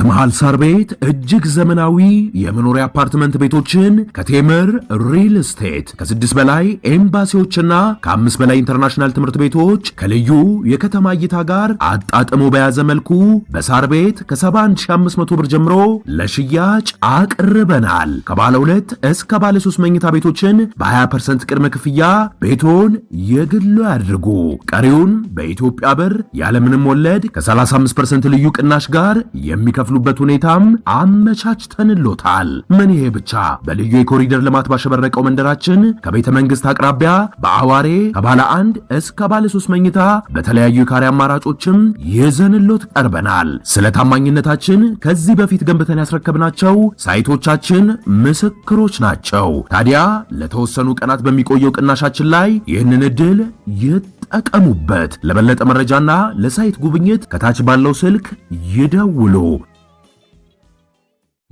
በመሃል ሳር ቤት እጅግ ዘመናዊ የመኖሪያ አፓርትመንት ቤቶችን ከቴምር ሪል ስቴት ከስድስት በላይ ኤምባሲዎችና ከአምስት በላይ ኢንተርናሽናል ትምህርት ቤቶች ከልዩ የከተማ እይታ ጋር አጣጥሞ በያዘ መልኩ በሳር ቤት ከ71500 ብር ጀምሮ ለሽያጭ አቅርበናል። ከባለ ሁለት እስከ ባለ ሶስት መኝታ ቤቶችን በ20% ቅድመ ክፍያ ቤቶን የግሉ ያድርጉ። ቀሪውን በኢትዮጵያ ብር ያለምንም ወለድ ከ35% ልዩ ቅናሽ ጋር የሚከፍ የሚከፍሉበት ሁኔታም አመቻችተንሎታል። ምን ይሄ ብቻ በልዩ የኮሪደር ልማት ባሸበረቀው መንደራችን ከቤተ መንግስት አቅራቢያ በአዋሬ ከባለ አንድ እስከ ባለ ሶስት መኝታ በተለያዩ የካሬ አማራጮችም ይዘንሎት ቀርበናል። ስለ ታማኝነታችን ከዚህ በፊት ገንብተን ያስረከብናቸው ሳይቶቻችን ምስክሮች ናቸው። ታዲያ ለተወሰኑ ቀናት በሚቆየው ቅናሻችን ላይ ይህንን እድል ይጠቀሙበት። ለበለጠ መረጃና ለሳይት ጉብኝት ከታች ባለው ስልክ ይደውሉ።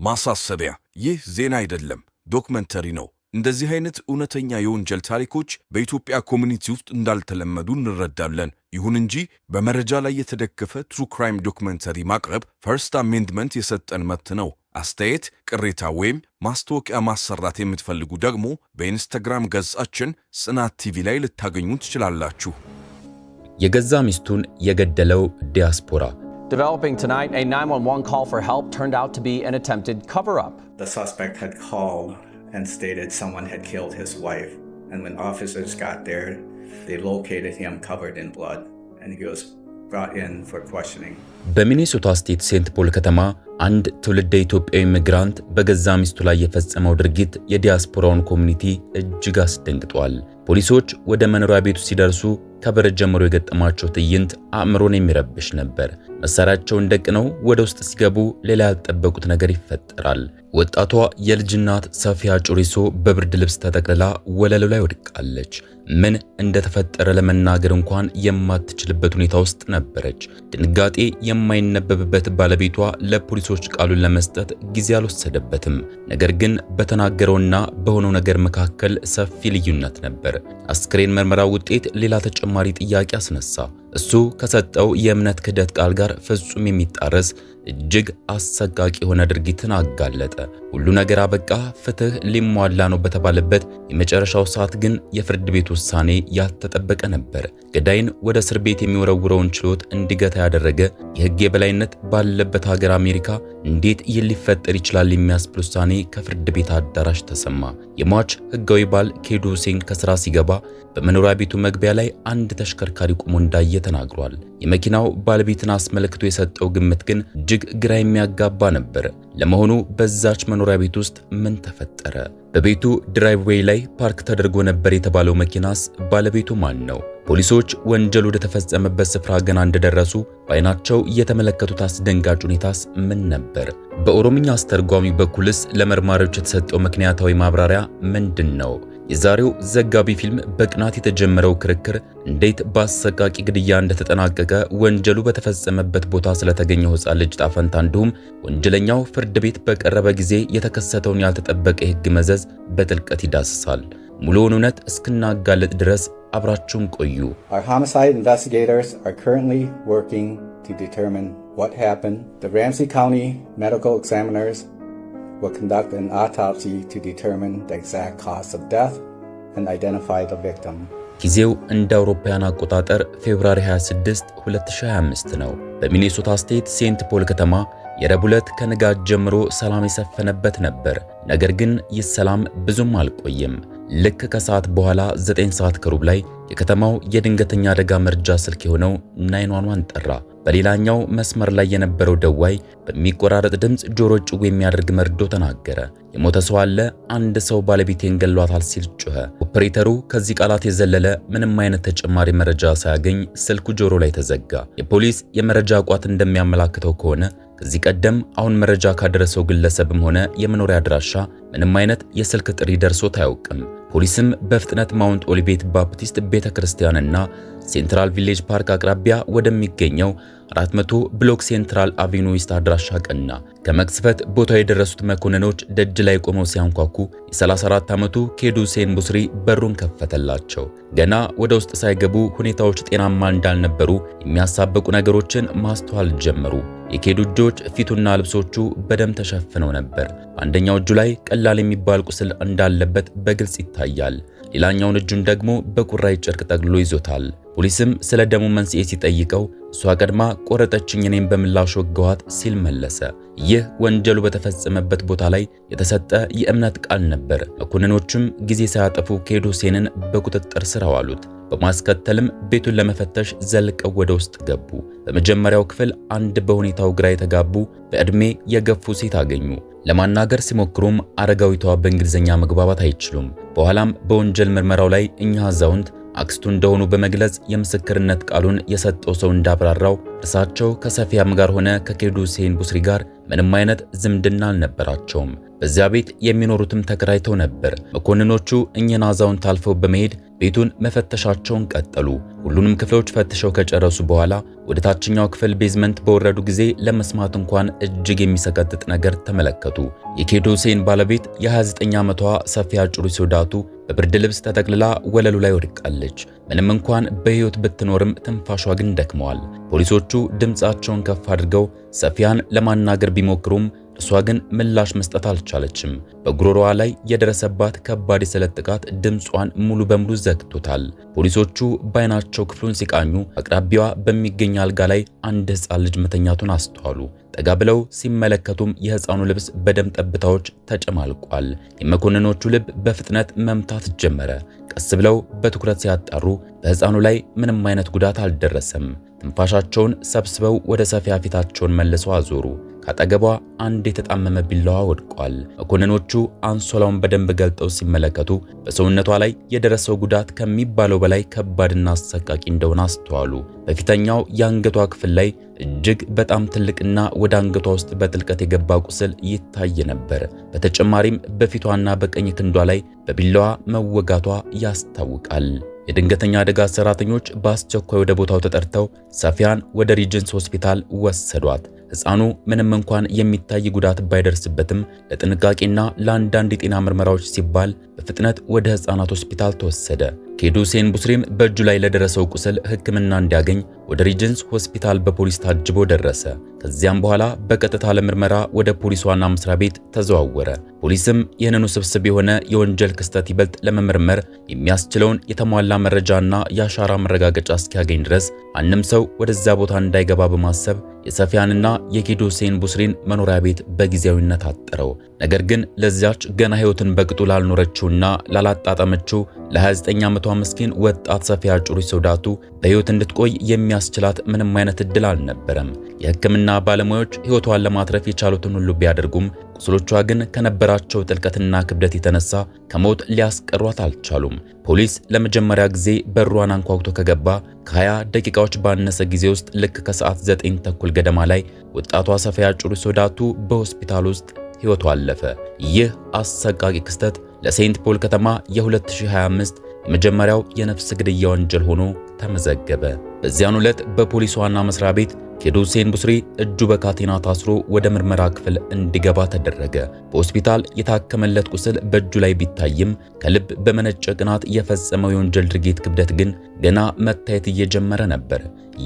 ማሳሰቢያ፣ ይህ ዜና አይደለም፣ ዶክመንተሪ ነው። እንደዚህ አይነት እውነተኛ የወንጀል ታሪኮች በኢትዮጵያ ኮሚኒቲ ውስጥ እንዳልተለመዱ እንረዳለን። ይሁን እንጂ በመረጃ ላይ የተደገፈ ትሩ ክራይም ዶክመንተሪ ማቅረብ ፈርስት አሜንድመንት የሰጠን መብት ነው። አስተያየት፣ ቅሬታ ወይም ማስታወቂያ ማሰራት የምትፈልጉ ደግሞ በኢንስታግራም ገጻችን ጽናት ቲቪ ላይ ልታገኙ ትችላላችሁ። የገዛ ሚስቱን የገደለው ዲያስፖራ Developing tonight, a 911 call for help turned out to be an attempted cover up. The suspect had called and stated someone had killed his wife. And when officers got there, they located him covered in blood and he was brought in for questioning. በሚኔሶታ ስቴት ሴንት ፖል ከተማ አንድ ትውልደ ኢትዮጵያዊ ሚግራንት በገዛ ሚስቱ ላይ የፈጸመው ድርጊት የዲያስፖራውን ኮሚኒቲ እጅግ አስደንግጧል። ፖሊሶች ወደ መኖሪያ ቤቱ ሲደርሱ ከበረት ጀምሮ የገጠማቸው ትዕይንት አእምሮን የሚረብሽ ነበር። መሳሪያቸውን ደቅነው ወደ ውስጥ ሲገቡ ሌላ ያልጠበቁት ነገር ይፈጠራል። ወጣቷ የልጅ እናት ሰፊያ ጩሪሶ በብርድ ልብስ ተጠቅልላ ወለሉ ላይ ወድቃለች። ምን እንደተፈጠረ ለመናገር እንኳን የማትችልበት ሁኔታ ውስጥ ነበረች። ድንጋጤ የማይነበብበት ባለቤቷ ለፖሊሶች ቃሉን ለመስጠት ጊዜ አልወሰደበትም። ነገር ግን በተናገረውና በሆነው ነገር መካከል ሰፊ ልዩነት ነበር። አስክሬን ምርመራ ውጤት ሌላ ተጨማሪ ጥያቄ አስነሳ። እሱ ከሰጠው የእምነት ክህደት ቃል ጋር ፍጹም የሚጣረስ እጅግ አሰቃቂ የሆነ ድርጊትን አጋለጠ። ሁሉ ነገር አበቃ፣ ፍትህ ሊሟላ ነው በተባለበት የመጨረሻው ሰዓት ግን የፍርድ ቤት ውሳኔ ያልተጠበቀ ነበር። ገዳይን ወደ እስር ቤት የሚወረውረውን ችሎት እንዲገታ ያደረገ የህግ የበላይነት ባለበት ሀገር አሜሪካ እንዴት ይህ ሊፈጠር ይችላል የሚያስብል ውሳኔ ከፍርድ ቤት አዳራሽ ተሰማ። የሟች ህጋዊ ባል ኬዱ ሁሴን ከስራ ሲገባ በመኖሪያ ቤቱ መግቢያ ላይ አንድ ተሽከርካሪ ቆሞ እንዳየ ተናግሯል። የመኪናው ባለቤትን አስመልክቶ የሰጠው ግምት ግን እጅግ ግራ የሚያጋባ ነበር። ለመሆኑ በዛች መኖሪያ ቤት ውስጥ ምን ተፈጠረ? በቤቱ ድራይቭዌይ ላይ ፓርክ ተደርጎ ነበር የተባለው መኪናስ ባለቤቱ ማን ነው? ፖሊሶች ወንጀል ወደ ተፈጸመበት ስፍራ ገና እንደደረሱ በአይናቸው የተመለከቱት አስደንጋጭ ሁኔታስ ምን ነበር? በኦሮምኛ አስተርጓሚ በኩልስ ለመርማሪዎች የተሰጠው ምክንያታዊ ማብራሪያ ምንድን ነው? የዛሬው ዘጋቢ ፊልም በቅናት የተጀመረው ክርክር እንዴት በአሰቃቂ ግድያ እንደተጠናቀቀ፣ ወንጀሉ በተፈጸመበት ቦታ ስለተገኘው ሕፃን ልጅ ጣፈንታ እንዲሁም ወንጀለኛው ፍርድ ቤት በቀረበ ጊዜ የተከሰተውን ያልተጠበቀ የሕግ መዘዝ በጥልቀት ይዳስሳል። ሙሉውን እውነት እስክናጋለጥ ድረስ አብራችሁን ቆዩ። Our homicide investigators are currently working to determine what happened. The Ramsey County medical examiners will conduct an autopsy to determine the exact cause of death and identify the victim. ጊዜው እንደ አውሮፓውያን አቆጣጠር ፌብሩዋሪ 26 2025 ነው። በሚኔሶታ ስቴት ሴንት ፖል ከተማ የረቡዕ ዕለት ከንጋት ጀምሮ ሰላም የሰፈነበት ነበር። ነገር ግን ይህ ሰላም ብዙም አልቆየም። ልክ ከሰዓት በኋላ 9 ሰዓት ከሩብ ላይ የከተማው የድንገተኛ አደጋ መርጃ ስልክ የሆነው ናይን ጠራ። በሌላኛው መስመር ላይ የነበረው ደዋይ በሚቆራረጥ ድምፅ ጆሮ ጭው የሚያደርግ መርዶ ተናገረ። የሞተ ሰው አለ፣ አንድ ሰው ባለቤቴን ገሏታል ሲል ጮኸ። ኦፕሬተሩ ከዚህ ቃላት የዘለለ ምንም አይነት ተጨማሪ መረጃ ሳያገኝ ስልኩ ጆሮ ላይ ተዘጋ። የፖሊስ የመረጃ ቋት እንደሚያመላክተው ከሆነ ከዚህ ቀደም አሁን መረጃ ካደረሰው ግለሰብም ሆነ የመኖሪያ አድራሻ ምንም አይነት የስልክ ጥሪ ደርሶት አያውቅም። ፖሊስም በፍጥነት ማውንት ኦሊቬት ባፕቲስት ቤተ ክርስቲያንና ሴንትራል ቪሌጅ ፓርክ አቅራቢያ ወደሚገኘው 400 ብሎክ ሴንትራል አቬኑ ኢስት አድራሻ ቀና። ከመክስፈት ቦታ የደረሱት መኮንኖች ደጅ ላይ ቆመው ሲያንኳኩ የ34 ዓመቱ ኬዱ ሴን ቡስሪ በሩን ከፈተላቸው። ገና ወደ ውስጥ ሳይገቡ ሁኔታዎች ጤናማ እንዳልነበሩ የሚያሳብቁ ነገሮችን ማስተዋል ጀመሩ። የኬዱ እጆች፣ ፊቱና ልብሶቹ በደም ተሸፍነው ነበር። አንደኛው እጁ ላይ ቀላል የሚባል ቁስል እንዳለበት በግልጽ ይታያል። ሌላኛውን እጁን ደግሞ በቁራይ ጨርቅ ጠቅልሎ ይዞታል። ፖሊስም ስለ ደሙ መንስኤ ሲጠይቀው እሷ ቀድማ ቆረጠችኝ፣ እኔም በምላሽ ወገኋት ሲል መለሰ። ይህ ወንጀሉ በተፈጸመበት ቦታ ላይ የተሰጠ የእምነት ቃል ነበር። መኮንኖቹም ጊዜ ሳያጠፉ ኬዶሴንን በቁጥጥር ስር አዋሉት። በማስከተልም ቤቱን ለመፈተሽ ዘልቀው ወደ ውስጥ ገቡ። በመጀመሪያው ክፍል አንድ በሁኔታው ግራ የተጋቡ በዕድሜ የገፉ ሴት አገኙ። ለማናገር ሲሞክሩም አረጋዊቷ በእንግሊዝኛ መግባባት አይችሉም። በኋላም በወንጀል ምርመራው ላይ እኛ አዛውንት አክስቱ እንደሆኑ በመግለጽ የምስክርነት ቃሉን የሰጠው ሰው እንዳብራራው እርሳቸው ከሰፊያም ጋር ሆነ ከኬዱ ሁሴን ቡስሪ ጋር ምንም አይነት ዝምድና አልነበራቸውም። በዚያ ቤት የሚኖሩትም ተከራይተው ነበር። መኮንኖቹ እኚህን አዛውንት አልፈው በመሄድ ቤቱን መፈተሻቸውን ቀጠሉ። ሁሉንም ክፍሎች ፈትሸው ከጨረሱ በኋላ ወደ ታችኛው ክፍል ቤዝመንት በወረዱ ጊዜ ለመስማት እንኳን እጅግ የሚሰቀጥጥ ነገር ተመለከቱ። የኬዶ ሁሴን ባለቤት የ29 ዓመቷ ሰፊያ አጭሩ ሲወዳቱ በብርድ ልብስ ተጠቅልላ ወለሉ ላይ ወድቃለች። ምንም እንኳን በሕይወት ብትኖርም ትንፋሿ ግን ደክመዋል። ፖሊሶቹ ድምፃቸውን ከፍ አድርገው ሰፊያን ለማናገር ቢሞክሩም እሷ ግን ምላሽ መስጠት አልቻለችም። በጉሮሮዋ ላይ የደረሰባት ከባድ የስለት ጥቃት ድምጿን ሙሉ በሙሉ ዘግቶታል። ፖሊሶቹ በአይናቸው ክፍሉን ሲቃኙ አቅራቢያዋ በሚገኝ አልጋ ላይ አንድ ሕፃን ልጅ መተኛቱን አስተዋሉ። ጠጋ ብለው ሲመለከቱም የሕፃኑ ልብስ በደም ጠብታዎች ተጨማልቋል። የመኮንኖቹ ልብ በፍጥነት መምታት ጀመረ። ቀስ ብለው በትኩረት ሲያጣሩ በሕፃኑ ላይ ምንም አይነት ጉዳት አልደረሰም። ትንፋሻቸውን ሰብስበው ወደ ሰፊያ ፊታቸውን መልሰው አዞሩ። ከአጠገቧ አንድ የተጣመመ ቢላዋ ወድቋል። መኮንኖቹ አንሶላውን በደንብ ገልጠው ሲመለከቱ በሰውነቷ ላይ የደረሰው ጉዳት ከሚባለው በላይ ከባድና አሰቃቂ እንደሆነ አስተዋሉ። በፊተኛው የአንገቷ ክፍል ላይ እጅግ በጣም ትልቅና ወደ አንገቷ ውስጥ በጥልቀት የገባ ቁስል ይታይ ነበር። በተጨማሪም በፊቷና በቀኝ ክንዷ ላይ በቢላዋ መወጋቷ ያስታውቃል። የድንገተኛ አደጋ ሰራተኞች በአስቸኳይ ወደ ቦታው ተጠርተው ሰፊያን ወደ ሪጅንስ ሆስፒታል ወሰዷት። ሕፃኑ ምንም እንኳን የሚታይ ጉዳት ባይደርስበትም ለጥንቃቄና ለአንዳንድ የጤና ምርመራዎች ሲባል በፍጥነት ወደ ሕፃናት ሆስፒታል ተወሰደ። ኬዱ ሴን ቡስሪም በእጁ ላይ ለደረሰው ቁስል ሕክምና እንዲያገኝ ወደ ሪጀንስ ሆስፒታል በፖሊስ ታጅቦ ደረሰ። ከዚያም በኋላ በቀጥታ ለምርመራ ወደ ፖሊስ ዋና መስሪያ ቤት ተዘዋወረ። ፖሊስም ይህንን ውስብስብ የሆነ የወንጀል ክስተት ይበልጥ ለመመርመር የሚያስችለውን የተሟላ መረጃና የአሻራ መረጋገጫ እስኪያገኝ ድረስ ማንም ሰው ወደዛ ቦታ እንዳይገባ በማሰብ የሰፊያንና የኪዶሴን ቡስሪን መኖሪያ ቤት በጊዜያዊነት አጠረው። ነገር ግን ለዚያች ገና ሕይወትን በቅጡ ላልኖረችውና ላላጣጠመችው ለ29 ዓመቷ ምስኪን ወጣት ሰፊያ ጩሪ ሶዳቱ በሕይወት እንድትቆይ የሚያስችላት ምንም አይነት እድል አልነበረም። የሕክምና ባለሙያዎች ሕይወቷን ለማትረፍ የቻሉትን ሁሉ ቢያደርጉም ቁስሎቿ ግን ከነበራቸው ጥልቀትና ክብደት የተነሳ ከሞት ሊያስቀሯት አልቻሉም። ፖሊስ ለመጀመሪያ ጊዜ በሯን አንኳኩቶ ከገባ ከ20 ደቂቃዎች ባነሰ ጊዜ ውስጥ ልክ ከሰዓት 9 ተኩል ገደማ ላይ ወጣቷ ሰፊያ ጩሪ ሶዳቱ በሆስፒታል ውስጥ ሕይወቷ አለፈ። ይህ አሰቃቂ ክስተት ለሴንት ፖል ከተማ የ2025 የመጀመሪያው የነፍስ ግድያ ወንጀል ሆኖ ተመዘገበ። በዚያን ዕለት በፖሊስ ዋና መስሪያ ቤት ቴድ ሁሴን ቡስሪ እጁ በካቴና ታስሮ ወደ ምርመራ ክፍል እንዲገባ ተደረገ። በሆስፒታል የታከመለት ቁስል በእጁ ላይ ቢታይም ከልብ በመነጨ ቅናት የፈጸመው የወንጀል ድርጊት ክብደት ግን ገና መታየት እየጀመረ ነበር።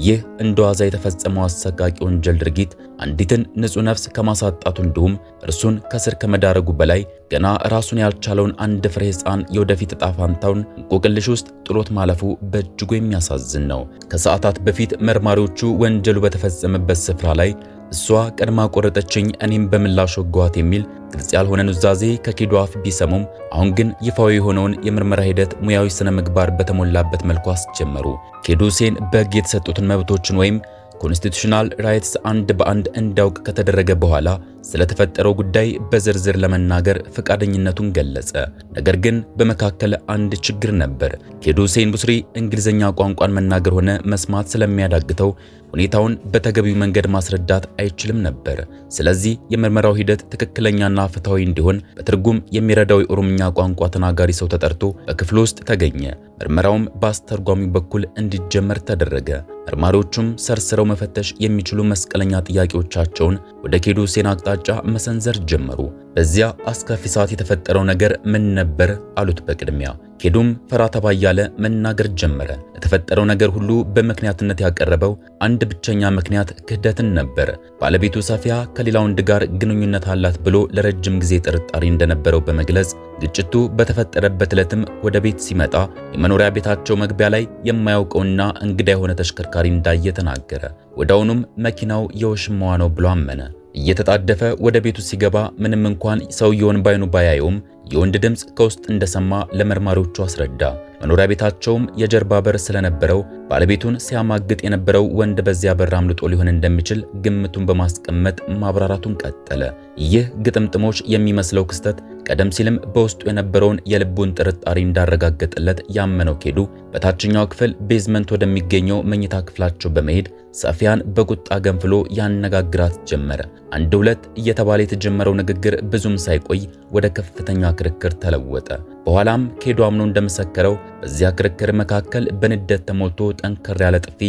ይህ እንደ ዋዛ የተፈጸመው አሰቃቂ ወንጀል ድርጊት አንዲትን ንጹህ ነፍስ ከማሳጣቱ እንዲሁም እርሱን ከስር ከመዳረጉ በላይ ገና ራሱን ያልቻለውን አንድ ፍሬ ሕፃን የወደፊት እጣ ፋንታውን እንቆቅልሽ ውስጥ ጥሎት ማለፉ በእጅጉ የሚያሳዝን ነው። ከሰዓታት በፊት መርማሪዎቹ ወንጀሉ በተፈጸመበት ስፍራ ላይ እሷ ቀድማ ቆረጠችኝ፣ እኔም በምላሽ ወጓት የሚል ግልጽ ያልሆነ ኑዛዜ ከኬዶ አፍ ቢሰሙም አሁን ግን ይፋዊ የሆነውን የምርመራ ሂደት ሙያዊ ስነ ምግባር በተሞላበት መልኩ አስጀመሩ። ኬዶ ሁሴን በሕግ የተሰጡትን መብቶችን ወይም ኮንስቲቱሽናል ራይትስ አንድ በአንድ እንዳውቅ ከተደረገ በኋላ ስለተፈጠረው ጉዳይ በዝርዝር ለመናገር ፈቃደኝነቱን ገለጸ። ነገር ግን በመካከል አንድ ችግር ነበር። ኬዱ ሁሴን ቡስሪ እንግሊዝኛ ቋንቋን መናገር ሆነ መስማት ስለሚያዳግተው ሁኔታውን በተገቢው መንገድ ማስረዳት አይችልም ነበር። ስለዚህ የምርመራው ሂደት ትክክለኛና ፍትሐዊ እንዲሆን በትርጉም የሚረዳው የኦሮምኛ ቋንቋ ተናጋሪ ሰው ተጠርቶ በክፍሉ ውስጥ ተገኘ። ምርመራውም በአስተርጓሚ በኩል እንዲጀመር ተደረገ። መርማሪዎቹም ሰርስረው መፈተሽ የሚችሉ መስቀለኛ ጥያቄዎቻቸውን ወደ ኬዱ ሁሴን አቅጣጫ አቅጣጫ መሰንዘር ጀመሩ። በዚያ አስከፊ ሰዓት የተፈጠረው ነገር ምን ነበር አሉት በቅድሚያ። ኬዱም ፈራተባ እያለ መናገር ጀመረ። የተፈጠረው ነገር ሁሉ በምክንያትነት ያቀረበው አንድ ብቸኛ ምክንያት ክህደትን ነበር። ባለቤቱ ሰፊያ ከሌላ ወንድ ጋር ግንኙነት አላት ብሎ ለረጅም ጊዜ ጥርጣሬ እንደነበረው በመግለጽ ግጭቱ በተፈጠረበት ዕለትም ወደ ቤት ሲመጣ የመኖሪያ ቤታቸው መግቢያ ላይ የማያውቀውና እንግዳ የሆነ ተሽከርካሪ እንዳየ ተናገረ። ወዲያውኑም መኪናው የውሽማዋ ነው ብሎ አመነ። እየተጣደፈ ወደ ቤቱ ሲገባ ምንም እንኳን ሰውየውን ባይኑ ባያየውም የወንድ ድምፅ ከውስጥ እንደሰማ ለመርማሪዎቹ አስረዳ። መኖሪያ ቤታቸውም የጀርባ በር ስለነበረው ባለቤቱን ሲያማግጥ የነበረው ወንድ በዚያ በር አምልጦ ሊሆን እንደሚችል ግምቱን በማስቀመጥ ማብራራቱን ቀጠለ። ይህ ግጥምጥሞች የሚመስለው ክስተት ቀደም ሲልም በውስጡ የነበረውን የልቡን ጥርጣሬ እንዳረጋገጠለት ያመነው ኬዱ በታችኛው ክፍል ቤዝመንት ወደሚገኘው መኝታ ክፍላቸው በመሄድ ሰፊያን በቁጣ ገንፍሎ ያነጋግራት ጀመረ። አንድ ሁለት እየተባለ የተጀመረው ንግግር ብዙም ሳይቆይ ወደ ከፍተኛ ክርክር ተለወጠ። በኋላም ኬዱ አምኖ እንደመሰከረው በዚያ ክርክር መካከል በንደት ተሞልቶ ጠንከር ያለ ጥፊ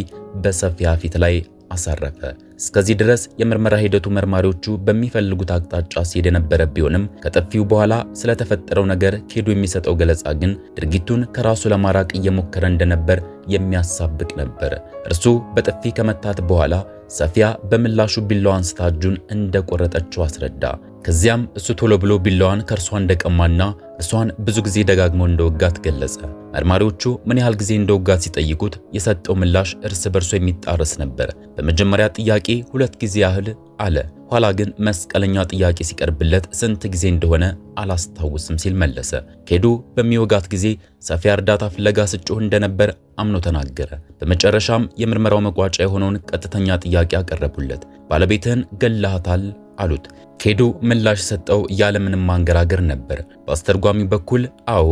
በሰፊያ ፊት ላይ አሳረፈ። እስከዚህ ድረስ የምርመራ ሂደቱ መርማሪዎቹ በሚፈልጉት አቅጣጫ ሲሄድ የነበረ ቢሆንም ከጥፊው በኋላ ስለተፈጠረው ነገር ኬዱ የሚሰጠው ገለጻ ግን ድርጊቱን ከራሱ ለማራቅ እየሞከረ እንደነበር የሚያሳብቅ ነበር። እርሱ በጥፊ ከመታት በኋላ ሰፊያ በምላሹ ቢላዋ አንስታ እጁን እንደቆረጠችው አስረዳ። ከዚያም እሱ ቶሎ ብሎ ቢላዋን ከእርሷ እንደቀማና እርሷን ብዙ ጊዜ ደጋግሞ እንደወጋት ገለጸ። መርማሪዎቹ ምን ያህል ጊዜ እንደወጋት ሲጠይቁት የሰጠው ምላሽ እርስ በርሶ የሚጣረስ ነበር። በመጀመሪያ ጥያቄ ሁለት ጊዜ ያህል አለ። ኋላ ግን መስቀለኛ ጥያቄ ሲቀርብለት ስንት ጊዜ እንደሆነ አላስታውስም ሲል መለሰ። ኬዱ በሚወጋት ጊዜ ሰፊ እርዳታ ፍለጋ ስጮህ እንደነበር አምኖ ተናገረ። በመጨረሻም የምርመራው መቋጫ የሆነውን ቀጥተኛ ጥያቄ አቀረቡለት። ባለቤትህን ገላሃታል አሉት። ኬዱ ምላሽ ሰጠው ያለምንም ማንገራገር ነበር። በአስተርጓሚ በኩል አዎ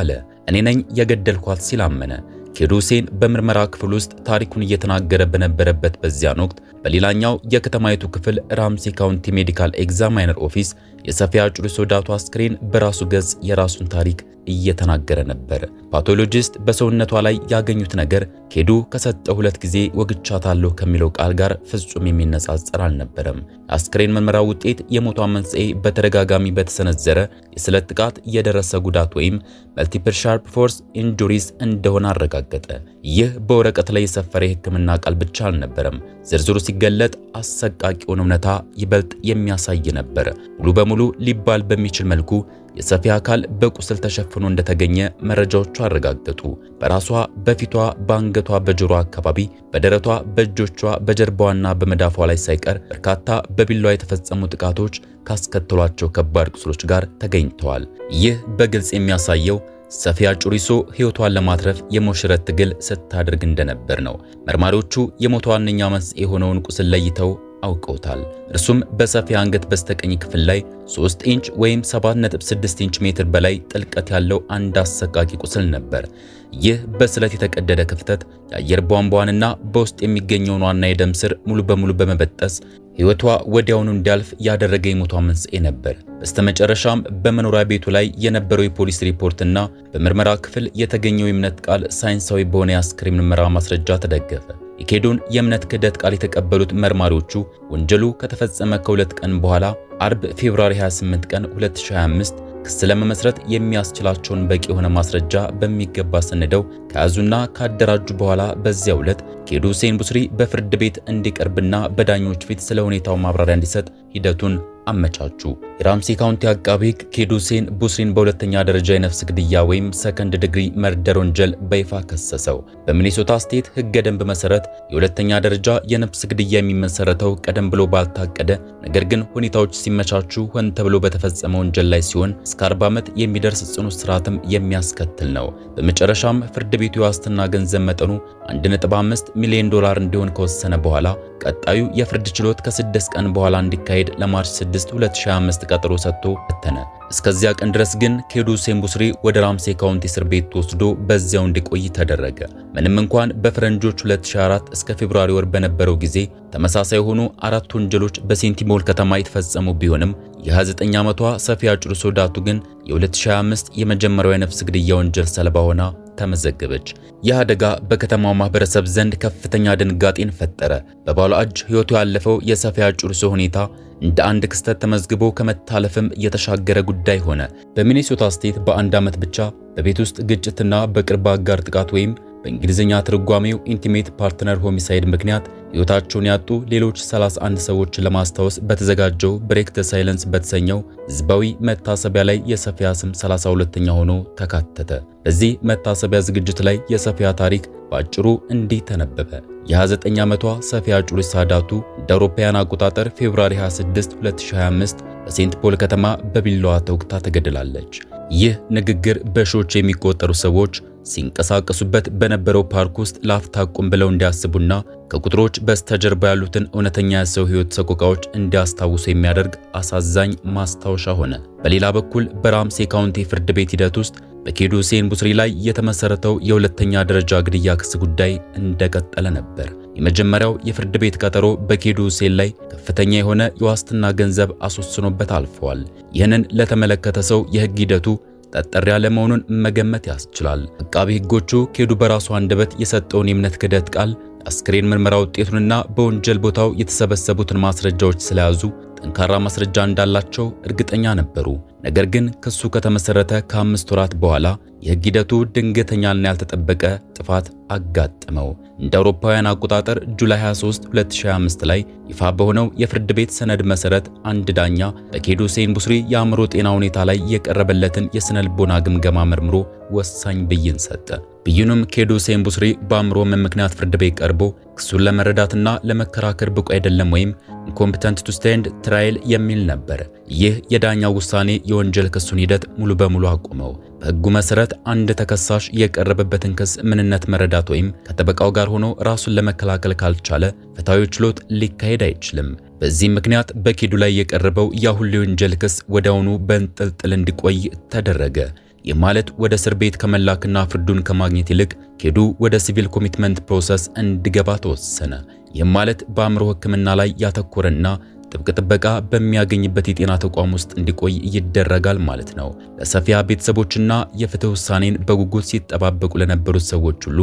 አለ። እኔ ነኝ የገደልኳት ሲል አመነ። ኬዱ ሁሴን በምርመራ ክፍል ውስጥ ታሪኩን እየተናገረ በነበረበት በዚያን ወቅት በሌላኛው የከተማይቱ ክፍል ራምሲ ካውንቲ ሜዲካል ኤግዛማይነር ኦፊስ የሰፊያ ጩሪሶ ዳቱ አስክሬን በራሱ ገጽ የራሱን ታሪክ እየተናገረ ነበር። ፓቶሎጂስት በሰውነቷ ላይ ያገኙት ነገር ኬዱ ከሰጠ ሁለት ጊዜ ወግቻታለሁ ከሚለው ቃል ጋር ፍጹም የሚነጻጸር አልነበረም። የአስክሬን ምርመራ ውጤት የሞቷ መንስኤ በተደጋጋሚ በተሰነዘረ የስለት ጥቃት የደረሰ ጉዳት ወይም መልቲፕል ሻርፕ ፎርስ ኢንጁሪስ እንደሆነ አረጋገጠ። ይህ በወረቀት ላይ የሰፈረ የሕክምና ቃል ብቻ አልነበረም። ዝርዝሩ ሲገለጥ አሰቃቂውን እውነታ ይበልጥ የሚያሳይ ነበር። ሙሉ በሙሉ ሊባል በሚችል መልኩ የሰፊ አካል በቁስል ተሸፍኖ እንደተገኘ መረጃዎቹ አረጋገጡ። በራሷ፣ በፊቷ፣ በአንገቷ፣ በጆሮ አካባቢ፣ በደረቷ፣ በእጆቿ፣ በጀርባዋና በመዳፏ ላይ ሳይቀር በርካታ በቢላዋ የተፈጸሙ ጥቃቶች ካስከተሏቸው ከባድ ቁስሎች ጋር ተገኝተዋል። ይህ በግልጽ የሚያሳየው ሰፊያ ጩሪሶ ሕይወቷን ለማትረፍ የሞሽረት ትግል ስታደርግ እንደነበር ነው። መርማሪዎቹ የሞቷ ዋነኛ መንስኤ የሆነውን ቁስል ለይተው አውቀውታል። እርሱም በሰፊያ አንገት በስተቀኝ ክፍል ላይ 3 ኢንች ወይም 7.6 ኢንች ሜትር በላይ ጥልቀት ያለው አንድ አሰቃቂ ቁስል ነበር። ይህ በስለት የተቀደደ ክፍተት የአየር ቧንቧንና በውስጥ የሚገኘውን ዋና የደም ስር ሙሉ በሙሉ በመበጠስ ሕይወቷ ወዲያውኑ እንዲያልፍ ያደረገ የሞቷ መንስኤ ነበር። በስተመጨረሻም በመኖሪያ ቤቱ ላይ የነበረው የፖሊስ ሪፖርትና በምርመራ ክፍል የተገኘው የእምነት ቃል ሳይንሳዊ በሆነ የአስክሬን ምርመራ ማስረጃ ተደገፈ። የኬዶን የእምነት ክህደት ቃል የተቀበሉት መርማሪዎቹ ወንጀሉ ከተፈጸመ ከሁለት ቀን በኋላ አርብ ፌብሩዋሪ 28 ቀን 2025 ክስ ለመመስረት የሚያስችላቸውን በቂ የሆነ ማስረጃ በሚገባ ሰንደው ከያዙና ካደራጁ በኋላ በዚያ ዕለት ኬዱ ሁሴን ቡስሪ በፍርድ ቤት እንዲቀርብና በዳኞች ፊት ስለ ሁኔታው ማብራሪያ እንዲሰጥ ሂደቱን አመቻቹ። የራምሴ ካውንቲ አቃቤ ሕግ ኬድ ሁሴን ቡስሪን በሁለተኛ ደረጃ የነፍስ ግድያ ወይም ሰከንድ ዲግሪ መርደር ወንጀል በይፋ ከሰሰው። በሚኒሶታ ስቴት ሕገ ደንብ መሰረት የሁለተኛ ደረጃ የነፍስ ግድያ የሚመሰረተው ቀደም ብሎ ባልታቀደ ነገር ግን ሁኔታዎች ሲመቻቹ ሆን ተብሎ በተፈጸመ ወንጀል ላይ ሲሆን እስከ 40 ዓመት የሚደርስ ጽኑ እስራትም የሚያስከትል ነው። በመጨረሻም ፍርድ ቤቱ የዋስትና ገንዘብ መጠኑ 1.5 ሚሊዮን ዶላር እንዲሆን ከወሰነ በኋላ ቀጣዩ የፍርድ ችሎት ከስድስት ቀን በኋላ እንዲካሄድ ለማርች 6 2005 ቀጠሮ ሰጥቶ በተነ። እስከዚያ ቀን ድረስ ግን ኬዱስ ሴምቡስሪ ወደ ራምሴ ካውንቲ እስር ቤት ተወስዶ በዚያው እንዲቆይ ተደረገ። ምንም እንኳን በፈረንጆች 2004 እስከ ፌብሩዋሪ ወር በነበረው ጊዜ ተመሳሳይ የሆኑ አራት ወንጀሎች በሴንቲሞል ከተማ የተፈጸሙ ቢሆንም የ29 ዓመቷ ሰፊያ ጭርሶ ዳቱ ግን የ2025 የመጀመሪያው የነፍስ ግድያ ወንጀል ሰለባ ሆና ተመዘገበች። ይህ አደጋ በከተማው ማህበረሰብ ዘንድ ከፍተኛ ድንጋጤን ፈጠረ። በባለ አጅ ህይወቱ ያለፈው የሰፊያ ጩርሶ ሁኔታ እንደ አንድ ክስተት ተመዝግቦ ከመታለፍም የተሻገረ ጉዳይ ሆነ። በሚኔሶታ ስቴት በአንድ ዓመት ብቻ በቤት ውስጥ ግጭትና በቅርብ አጋር ጥቃት ወይም በእንግሊዝኛ ትርጓሜው ኢንቲሜት ፓርትነር ሆሚሳይድ ምክንያት ህይወታቸውን ያጡ ሌሎች 31 ሰዎችን ለማስታወስ በተዘጋጀው ብሬክ ደ ሳይለንስ በተሰኘው ህዝባዊ መታሰቢያ ላይ የሰፊያ ስም 32ኛ ሆኖ ተካተተ። በዚህ መታሰቢያ ዝግጅት ላይ ሰፊያ ታሪክ በአጭሩ እንዲህ ተነበበ። የ29 ዓመቷ ሰፊያ ጩሪስ ሳዳቱ እንደ አውሮፓውያን አቆጣጠር ፌብሩዋሪ 26 2025 በሴንት ፖል ከተማ በቢላዋ ተወግታ ተገድላለች። ይህ ንግግር በሺዎች የሚቆጠሩ ሰዎች ሲንቀሳቀሱበት በነበረው ፓርክ ውስጥ ላፍታ ብለው እንዲያስቡና ከቁጥሮች በስተጀርባ ያሉትን እውነተኛ የሰው ሕይወት ሰቆቃዎች እንዲያስታውሱ የሚያደርግ አሳዛኝ ማስታወሻ ሆነ። በሌላ በኩል በራምሴ ካውንቲ ፍርድ ቤት ሂደት ውስጥ በኬዱ ሁሴን ቡስሪ ላይ የተመሰረተው የሁለተኛ ደረጃ ግድያ ክስ ጉዳይ እንደቀጠለ ነበር። የመጀመሪያው የፍርድ ቤት ቀጠሮ በኬዱ ሁሴን ላይ ከፍተኛ የሆነ የዋስትና ገንዘብ አስወስኖበት አልፈዋል። ይህንን ለተመለከተ ሰው የህግ ሂደቱ ጠጠር ያለ መሆኑን መገመት ያስችላል። አቃቢ ህጎቹ ኬዱ በራሱ አንደበት የሰጠውን የእምነት ክህደት ቃል አስክሬን ምርመራ ውጤቱንና በወንጀል ቦታው የተሰበሰቡትን ማስረጃዎች ስለያዙ ጠንካራ ማስረጃ እንዳላቸው እርግጠኛ ነበሩ። ነገር ግን ክሱ ከተመሰረተ ከአምስት ወራት በኋላ የህግ ሂደቱ ድንገተኛና ያልተጠበቀ ጥፋት አጋጥመው እንደ አውሮፓውያን አቆጣጠር ጁላይ 23 2025 ላይ ይፋ በሆነው የፍርድ ቤት ሰነድ መሰረት አንድ ዳኛ በኬዱ ሁሴን ቡስሪ የአእምሮ ጤና ሁኔታ ላይ የቀረበለትን የስነ ልቦና ግምገማ መርምሮ ወሳኝ ብይን ሰጠ። ብይኑም ኬዱ ሁሴን ቡስሪ በአእምሮ ምክንያት ፍርድ ቤት ቀርቦ ክሱን ለመረዳትና ለመከራከር ብቁ አይደለም ወይም ኢንኮምፒተንት ቱ ስታንድ ትራይል የሚል ነበር። ይህ የዳኛው ውሳኔ የወንጀል ክሱን ሂደት ሙሉ በሙሉ አቆመው። በሕጉ መሰረት አንድ ተከሳሽ የቀረበበትን ክስ ምንነት መረዳት ወይም ከጠበቃው ጋር ሆኖ ራሱን ለመከላከል ካልቻለ ፍትሐዊ ችሎት ሊካሄድ አይችልም። በዚህም ምክንያት በኬዱ ላይ የቀረበው የአሁሉ የወንጀል ክስ ወዲያውኑ በንጥልጥል እንዲቆይ ተደረገ። ይህ ማለት ወደ እስር ቤት ከመላክና ፍርዱን ከማግኘት ይልቅ ኬዱ ወደ ሲቪል ኮሚትመንት ፕሮሰስ እንዲገባ ተወሰነ። ይህም ማለት በአእምሮ ሕክምና ላይ ያተኮረና ጥብቅ ጥበቃ በሚያገኝበት የጤና ተቋም ውስጥ እንዲቆይ ይደረጋል ማለት ነው። ለሰፊያ ቤተሰቦችና የፍትህ ውሳኔን በጉጉት ሲጠባበቁ ለነበሩት ሰዎች ሁሉ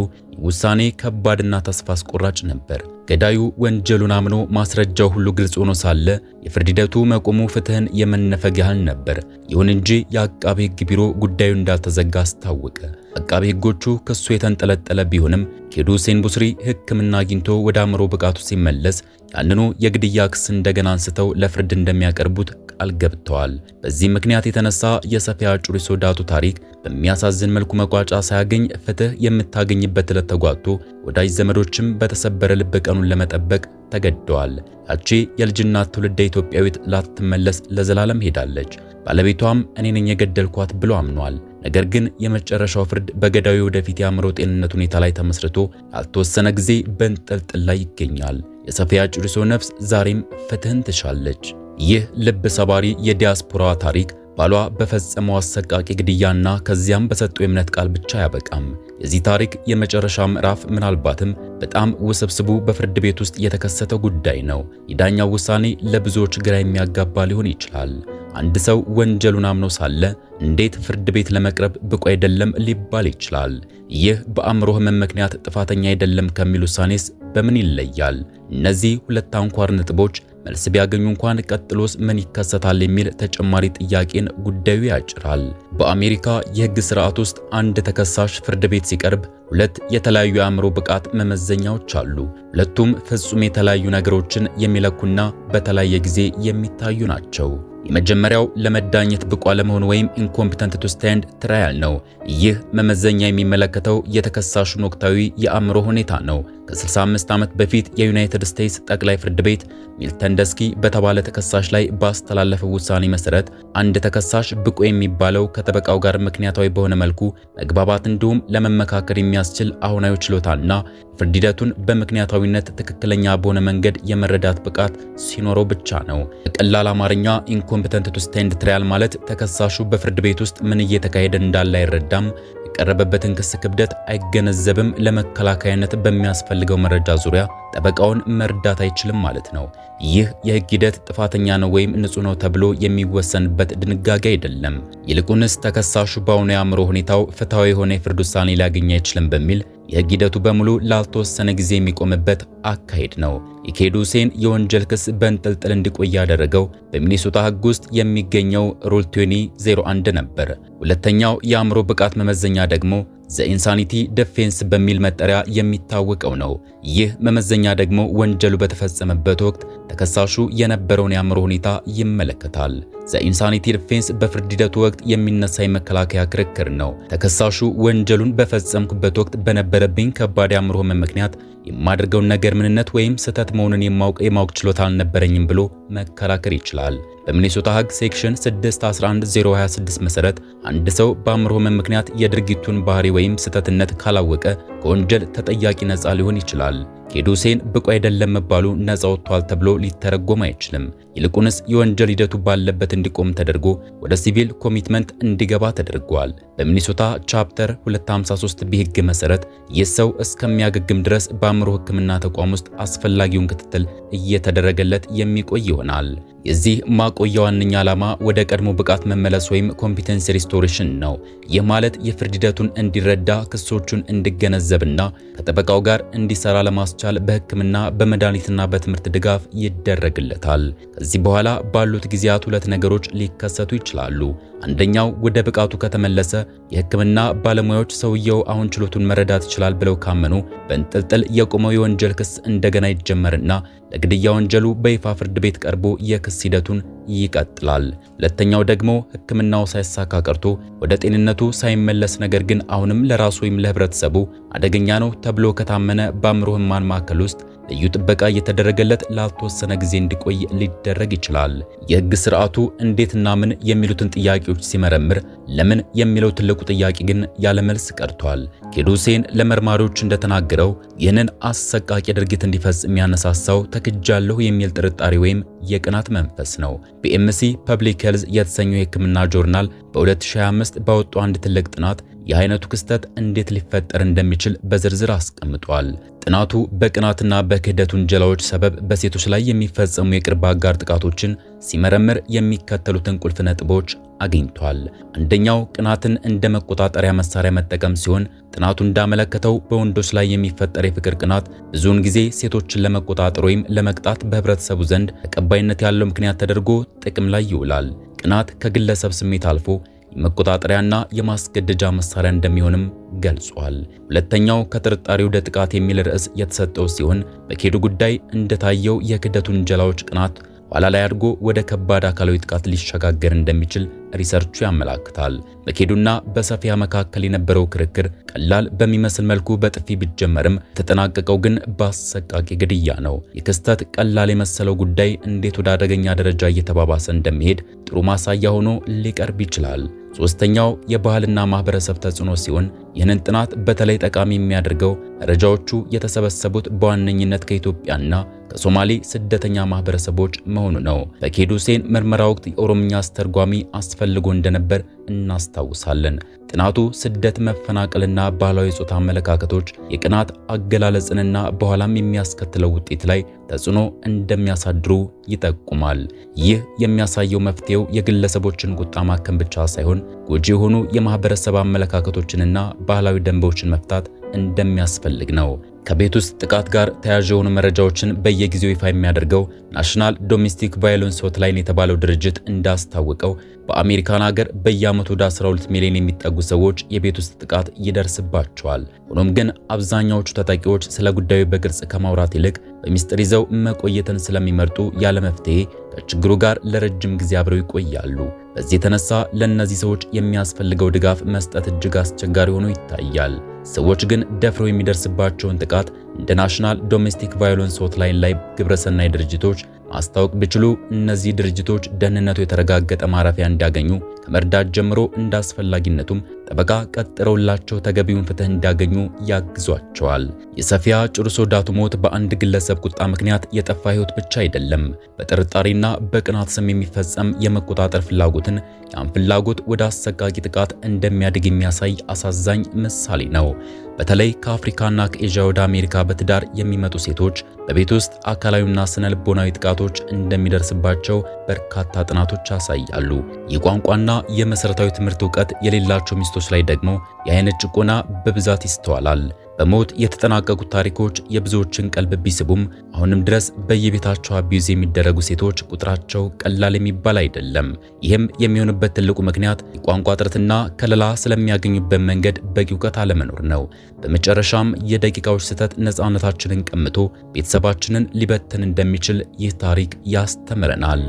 ውሳኔ ከባድና ተስፋ አስቆራጭ ነበር። ገዳዩ ወንጀሉን አምኖ ማስረጃው ሁሉ ግልጽ ሆኖ ሳለ የፍርድ ሂደቱ መቆሙ ፍትህን የመነፈግ ያህል ነበር። ይሁን እንጂ የአቃቤ ሕግ ቢሮ ጉዳዩ እንዳልተዘጋ አስታወቀ። አቃቤ ሕጎቹ ክሱ የተንጠለጠለ ቢሆንም ኬዱ ሁሴን ቡስሪ ሕክምና አግኝቶ ወደ አእምሮ ብቃቱ ሲመለስ ያንኑ የግድያ ክስ እንደገና አንስተው ለፍርድ እንደሚያቀርቡት ቃል ገብተዋል። በዚህ ምክንያት የተነሳ የሰፊያ ጩሪሶ ዳቱ ታሪክ በሚያሳዝን መልኩ መቋጫ ሳያገኝ ፍትህ የምታገኝበት ዕለት ተጓቶ ወዳጅ ዘመዶችም በተሰበረ ልብ ቀኑን ለመጠበቅ ተገደዋል። ያቺ የልጅና ትውልደ ኢትዮጵያዊት ላትመለስ ለዘላለም ሄዳለች። ባለቤቷም እኔ ነኝ የገደልኳት ብሎ አምኗል። ነገር ግን የመጨረሻው ፍርድ በገዳዊ ወደፊት የአእምሮ ጤንነት ሁኔታ ላይ ተመስርቶ ያልተወሰነ ጊዜ በንጠልጥል ላይ ይገኛል። የሰፊያ ጭሪሶ ነፍስ ዛሬም ፍትህን ትሻለች። ይህ ልብ ሰባሪ የዲያስፖራ ታሪክ ባሏ በፈጸመው አሰቃቂ ግድያና ከዚያም በሰጠው የእምነት ቃል ብቻ አያበቃም። የዚህ ታሪክ የመጨረሻ ምዕራፍ ምናልባትም በጣም ውስብስቡ በፍርድ ቤት ውስጥ የተከሰተ ጉዳይ ነው። የዳኛው ውሳኔ ለብዙዎች ግራ የሚያጋባ ሊሆን ይችላል። አንድ ሰው ወንጀሉን አምኖ ሳለ እንዴት ፍርድ ቤት ለመቅረብ ብቁ አይደለም ሊባል ይችላል? ይህ በአእምሮ ህመም ምክንያት ጥፋተኛ አይደለም ከሚል ውሳኔስ በምን ይለያል? እነዚህ ሁለት አንኳር ነጥቦች መልስ ቢያገኙ እንኳን ቀጥሎስ ምን ይከሰታል የሚል ተጨማሪ ጥያቄን ጉዳዩ ያጭራል። በአሜሪካ የህግ ስርዓት ውስጥ አንድ ተከሳሽ ፍርድ ቤት ሲቀርብ ሁለት የተለያዩ የአእምሮ ብቃት መመዘኛዎች አሉ። ሁለቱም ፍጹም የተለያዩ ነገሮችን የሚለኩና በተለያየ ጊዜ የሚታዩ ናቸው። የመጀመሪያው ለመዳኘት ብቁ አለመሆን ወይም ኢንኮምፒተንት ቱ ስታንድ ትራያል ነው። ይህ መመዘኛ የሚመለከተው የተከሳሹን ወቅታዊ የአእምሮ ሁኔታ ነው። ከ65 ዓመት በፊት የዩናይትድ ስቴትስ ጠቅላይ ፍርድ ቤት ሚልተን ደስኪ በተባለ ተከሳሽ ላይ ባስተላለፈው ውሳኔ መሰረት አንድ ተከሳሽ ብቁ የሚባለው ከጠበቃው ጋር ምክንያታዊ በሆነ መልኩ መግባባት እንዲሁም ለመመካከር የሚያስችል አሁናዊ ችሎታና ፍርድ ሂደቱን በምክንያታዊነት ትክክለኛ በሆነ መንገድ የመረዳት ብቃት ሲኖረው ብቻ ነው። በቀላል አማርኛ ኢንኮምፕተንት ቱ ስታንድ ትራያል ማለት ተከሳሹ በፍርድ ቤት ውስጥ ምን እየተካሄደ እንዳለ አይረዳም፣ የቀረበበትን ክስ ክብደት አይገነዘብም፣ ለመከላከያነት በሚያስፈልገው መረጃ ዙሪያ ጠበቃውን መርዳት አይችልም ማለት ነው። ይህ የህግ ሂደት ጥፋተኛ ነው ወይም ንጹህ ነው ተብሎ የሚወሰንበት ድንጋጌ አይደለም። ይልቁንስ ተከሳሹ በአሁኑ የአእምሮ ሁኔታው ፍትሐዊ የሆነ የፍርድ ውሳኔ ሊያገኝ አይችልም በሚል የህግ ሂደቱ በሙሉ ላልተወሰነ ጊዜ የሚቆምበት አካሄድ ነው። የኬዱ ሁሴን የወንጀል ክስ በንጥልጥል እንዲቆይ ያደረገው በሚኒሶታ ህግ ውስጥ የሚገኘው ሩል 2001 ነበር። ሁለተኛው የአእምሮ ብቃት መመዘኛ ደግሞ ዘኢንሳኒቲ ዲፌንስ በሚል መጠሪያ የሚታወቀው ነው። ይህ መመዘኛ ደግሞ ወንጀሉ በተፈጸመበት ወቅት ተከሳሹ የነበረውን የአእምሮ ሁኔታ ይመለከታል። ዘኢንሳኒቲ ዲፌንስ በፍርድ ሂደቱ ወቅት የሚነሳ የመከላከያ ክርክር ነው። ተከሳሹ ወንጀሉን በፈጸምኩበት ወቅት በነበረብኝ ከባድ የአእምሮ ሕመም ምክንያት የማደርገውን ነገር ምንነት ወይም ስህተት መሆኑን የማወቅ የማወቅ ችሎታ አልነበረኝም ብሎ መከራከር ይችላል። በሚኔሶታ ሕግ ሴክሽን 611026 መሰረት አንድ ሰው በአእምሮ ህመም ምክንያት የድርጊቱን ባህሪ ወይም ስህተትነት ካላወቀ ከወንጀል ተጠያቂ ነፃ ሊሆን ይችላል። ቴዎዱሴን ብቁ አይደለም መባሉ ነፃ ወጥቷል ተብሎ ሊተረጎም አይችልም። ይልቁንስ የወንጀል ሂደቱ ባለበት እንዲቆም ተደርጎ ወደ ሲቪል ኮሚትመንት እንዲገባ ተደርጓል። በሚኒሶታ ቻፕተር 253 በህግ መሰረት የሰው እስከሚያገግም ድረስ በአእምሮ ሕክምና ተቋም ውስጥ አስፈላጊውን ክትትል እየተደረገለት የሚቆይ ይሆናል። የዚህ ማቆያ ዋነኛ ዓላማ ወደ ቀድሞ ብቃት መመለስ ወይም ኮምፒተንስ ሪስቶሬሽን ነው። ይህ ማለት የፍርድ ሂደቱን እንዲረዳ፣ ክሶቹን እንዲገነዘብና ከጠበቃው ጋር እንዲሰራ ለማስ እንዲቻል በህክምና በመድኃኒትና በትምህርት ድጋፍ ይደረግለታል። ከዚህ በኋላ ባሉት ጊዜያት ሁለት ነገሮች ሊከሰቱ ይችላሉ። አንደኛው ወደ ብቃቱ ከተመለሰ የህክምና ባለሙያዎች ሰውየው አሁን ችሎቱን መረዳት ይችላል ብለው ካመኑ በእንጥልጥል የቆመው የወንጀል ክስ እንደገና ይጀመርና ለግድያ ወንጀሉ በይፋ ፍርድ ቤት ቀርቦ የክስ ሂደቱን ይቀጥላል። ሁለተኛው ደግሞ ሕክምናው ሳይሳካ ቀርቶ ወደ ጤንነቱ ሳይመለስ ነገር ግን አሁንም ለራሱ ወይም ለህብረተሰቡ አደገኛ ነው ተብሎ ከታመነ በአእምሮ ሕሙማን ማዕከል ውስጥ ልዩ ጥበቃ እየተደረገለት ላልተወሰነ ጊዜ እንዲቆይ ሊደረግ ይችላል። የህግ ስርዓቱ እንዴትና ምን የሚሉትን ጥያቄዎች ሲመረምር ለምን የሚለው ትልቁ ጥያቄ ግን ያለመልስ ቀርቷል። ኪድ ሁሴን ለመርማሪዎች እንደተናገረው ይህንን አሰቃቂ ድርጊት እንዲፈጽም ያነሳሳው ተክጃለሁ የሚል ጥርጣሬ ወይም የቅናት መንፈስ ነው። ቢኤምሲ ፐብሊክ ሄልዝ የተሰኘው የህክምና ጆርናል በ2025 ባወጡ አንድ ትልቅ ጥናት የአይነቱ ክስተት እንዴት ሊፈጠር እንደሚችል በዝርዝር አስቀምጧል። ጥናቱ በቅናትና በክህደት ውንጀላዎች ሰበብ በሴቶች ላይ የሚፈጸሙ የቅርብ አጋር ጥቃቶችን ሲመረምር የሚከተሉትን ቁልፍ ነጥቦች አግኝቷል። አንደኛው ቅናትን እንደ መቆጣጠሪያ መሳሪያ መጠቀም ሲሆን ጥናቱ እንዳመለከተው በወንዶች ላይ የሚፈጠር የፍቅር ቅናት ብዙውን ጊዜ ሴቶችን ለመቆጣጠር ወይም ለመቅጣት በህብረተሰቡ ዘንድ ተቀባይነት ያለው ምክንያት ተደርጎ ጥቅም ላይ ይውላል። ቅናት ከግለሰብ ስሜት አልፎ መቆጣጠሪያና የማስገደጃ መሳሪያ እንደሚሆንም ገልጿል። ሁለተኛው ከጥርጣሬ ወደ ጥቃት የሚል ርዕስ የተሰጠው ሲሆን በኬዱ ጉዳይ እንደታየው የክደቱ ውንጀላዎች ቅናት ኋላ ላይ አድጎ ወደ ከባድ አካላዊ ጥቃት ሊሸጋገር እንደሚችል ሪሰርቹ ያመላክታል። በኬዱና በሰፊያ መካከል የነበረው ክርክር ቀላል በሚመስል መልኩ በጥፊ ቢጀመርም የተጠናቀቀው ግን በአሰቃቂ ግድያ ነው። የክስተት ቀላል የመሰለው ጉዳይ እንዴት ወደ አደገኛ ደረጃ እየተባባሰ እንደሚሄድ ጥሩ ማሳያ ሆኖ ሊቀርብ ይችላል። ሶስተኛው የባህልና ማህበረሰብ ተጽዕኖ ሲሆን ይህንን ጥናት በተለይ ጠቃሚ የሚያደርገው መረጃዎቹ የተሰበሰቡት በዋነኝነት ከኢትዮጵያና ከሶማሌ ስደተኛ ማህበረሰቦች መሆኑ ነው። በኬድ ሁሴን ምርመራ ወቅት የኦሮምኛ አስተርጓሚ አስፈልጎ እንደነበር እናስታውሳለን። ጥናቱ ስደት፣ መፈናቀልና ባህላዊ ጾታ አመለካከቶች የቅናት አገላለጽንና በኋላም የሚያስከትለው ውጤት ላይ ተጽዕኖ እንደሚያሳድሩ ይጠቁማል። ይህ የሚያሳየው መፍትሄው የግለሰቦችን ቁጣ ማከም ብቻ ሳይሆን ጎጂ የሆኑ የማህበረሰብ አመለካከቶችንና ባህላዊ ደንቦችን መፍታት እንደሚያስፈልግ ነው ከቤት ውስጥ ጥቃት ጋር ተያያዥ የሆኑ መረጃዎችን በየጊዜው ይፋ የሚያደርገው ናሽናል ዶሜስቲክ ቫዮለንስ ሆትላይን የተባለው ድርጅት እንዳስታወቀው በአሜሪካን ሀገር በየዓመቱ ወደ 12 ሚሊዮን የሚጠጉ ሰዎች የቤት ውስጥ ጥቃት ይደርስባቸዋል። ሆኖም ግን አብዛኛዎቹ ተጠቂዎች ስለ ጉዳዩ በግልጽ ከማውራት ይልቅ በሚስጥር ይዘው መቆየትን ስለሚመርጡ ያለ መፍትሄ ከችግሩ ጋር ለረጅም ጊዜ አብረው ይቆያሉ። በዚህ የተነሳ ለእነዚህ ሰዎች የሚያስፈልገው ድጋፍ መስጠት እጅግ አስቸጋሪ ሆኖ ይታያል። ሰዎች ግን ደፍረው የሚደርስባቸውን ጥቃት እንደ ናሽናል ዶሜስቲክ ቫዮለንስ ሆትላይን ላይ ግብረሰናይ ድርጅቶች ማስታወቅ ቢችሉ እነዚህ ድርጅቶች ደህንነቱ የተረጋገጠ ማረፊያ እንዲያገኙ ከመርዳት ጀምሮ እንዳስፈላጊነቱም ጠበቃ ቀጥረውላቸው ተገቢውን ፍትህ እንዲያገኙ ያግዟቸዋል። የሰፊያ ጭርሶ ዳቱ ሞት በአንድ ግለሰብ ቁጣ ምክንያት የጠፋ ህይወት ብቻ አይደለም። በጥርጣሬና በቅናት ስም የሚፈጸም የመቆጣጠር ፍላጎትን ያን ፍላጎት ወደ አሰቃቂ ጥቃት እንደሚያድግ የሚያሳይ አሳዛኝ ምሳሌ ነው። በተለይ ከአፍሪካና ከኤዥያ ወደ አሜሪካ በትዳር የሚመጡ ሴቶች በቤት ውስጥ አካላዊና ስነ ልቦናዊ ጥቃቶች እንደሚደርስባቸው በርካታ ጥናቶች ያሳያሉ። የቋንቋና የመሰረታዊ ትምህርት እውቀት የሌላቸው ሚስቶች ላይ ደግሞ የአይነት ጭቆና በብዛት ይስተዋላል። በሞት የተጠናቀቁት ታሪኮች የብዙዎችን ቀልብ ቢስቡም አሁንም ድረስ በየቤታቸው አቢዩዝ የሚደረጉ ሴቶች ቁጥራቸው ቀላል የሚባል አይደለም። ይህም የሚሆንበት ትልቁ ምክንያት የቋንቋ እጥረትና ከለላ ስለሚያገኙበት መንገድ በቂ እውቀት አለመኖር ነው። በመጨረሻም የደቂቃዎች ስህተት ነፃነታችንን ቀምቶ ቤተሰባችንን ሊበትን እንደሚችል ይህ ታሪክ ያስተምረናል።